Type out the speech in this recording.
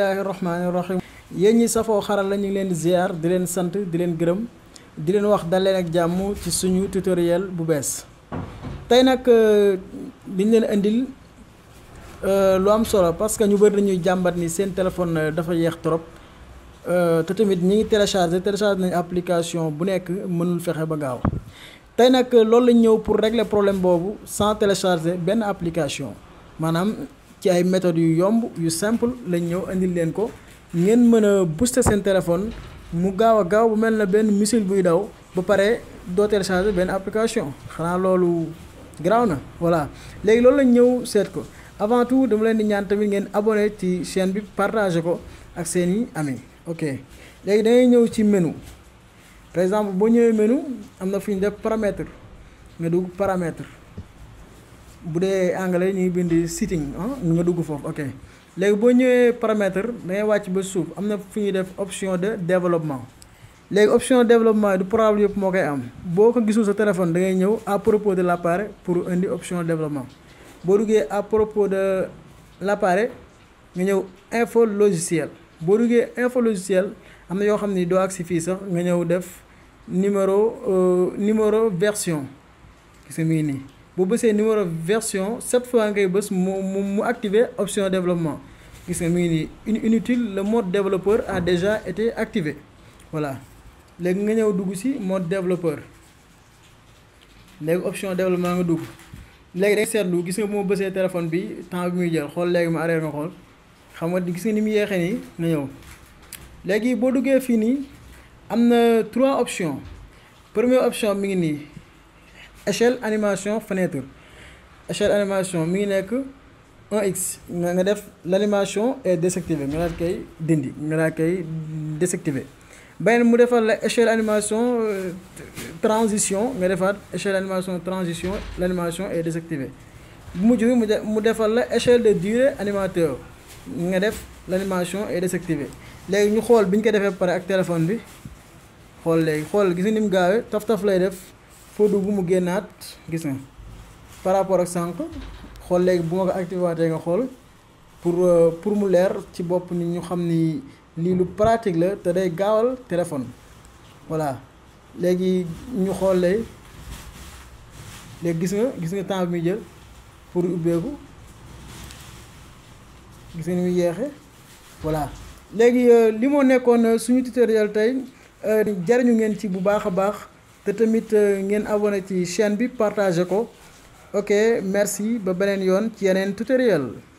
bismillahi rahmaani rahim yéen ñi safoo xarala ñu ngi leen di ziar di leen sant di leen gërëm di leen wax dal leen ak jàmm ci suñu tutoriel bu bees tey nag euh, liñ leen indil euh, lu am solo parce que ñu bëri nañuy jàmbat ni seen téléphone euh, dafa yeex trop te tamit ñi ngi téléchargé téléchargé nañu application bu nekk mënul fexe ba gaaw tey nag loolu lañ ñëw pour régler problème boobu sans télécharger benn application maanaam ci ay méthodes yu yomb yu simple lañ ñëw andil leen ko ngeen mën a booster seen téléphone mu gaaw a gaaw bu mel na benn missile buy daw ba pare doo télécharger benn application xanaa loolu garaaw na voilà léegi loolu lañ ñëw seet ko avant tout dama leen di ñaan tamit ngeen abonné ci chaîne bi partagé ko ak seen i amis ok léegi dangay ñëw ci menu par exemple boo ñëwee menu am na fi ñu def paramètre nga dugg paramètre bu dee anglais ñu ngi bind sitting ah nga dugg foofu ok léegi boo ñëwee paramètre da wàcc ba suuf am na fu ñuy def option de développement léegi option développement du probable yëpp moo koy am boo ko gisul sa téléphone dangay ngay ñëw à propos de l'appareil pour indi option développement boo duggee à propos de l'appareil nga ñëw info logiciel boo duggee info logiciel am na yoo xam ni doo agsi fii sax nga ñëw def numéro euh, numéro version gis nga nii boo bësee numéro version sept fois ngay bës mu mu mu activer option développement gis nga mi ngi nii inutile le mode développeur a déjà été activé voilà léegi nga ñëw dugg ci mode développeur léegi option développement nga dugg léegi da seetlu gis nga bu ma bësee téléphone bi temps bi muy jël xool léegi ma arrêté nga xool xam nga gis nga ni mu yeexee nii nga ñëw léegi boo duggee fii nii am na trois options première option mi ngi nii échelle animation fenêtre échelle animation mi ngi nekk un x nga def l' animation est désactivée nga daal koy dindi nga daal koy désactiver beneen mu defal la échelle animation euh, transition nga defaat échelle animation transition l' animation est désactivée bu mujj bi mu mu defal la échelle de durée animateur nga def l' animation est désactivée léegi ñu xool bi ñu ko defee pare ak téléphone bi xool léegi xool gis nga ni taf taf lay def. foo dugg mu génnaat gis nga par rapport ak sànq xool léegi bu ma ko activé nga xool pour euh, pour mu leer ci bopp ni ñu xam ni lii lu pratique la te day gaawal téléphone voilà léegi ñu xool léegi léegi gis nga gis nga temps muy jël pour ubbeeku gis nga ni muy yeexe voilà léegi euh, li moo nekkoon euh, suñu tutoriel tey jariñu ngeen ci bu baax a baax te tamit euh, ngeen abonné ci chaîne bi partagé ko ok merci ba beneen yoon ci yeneen tutoriel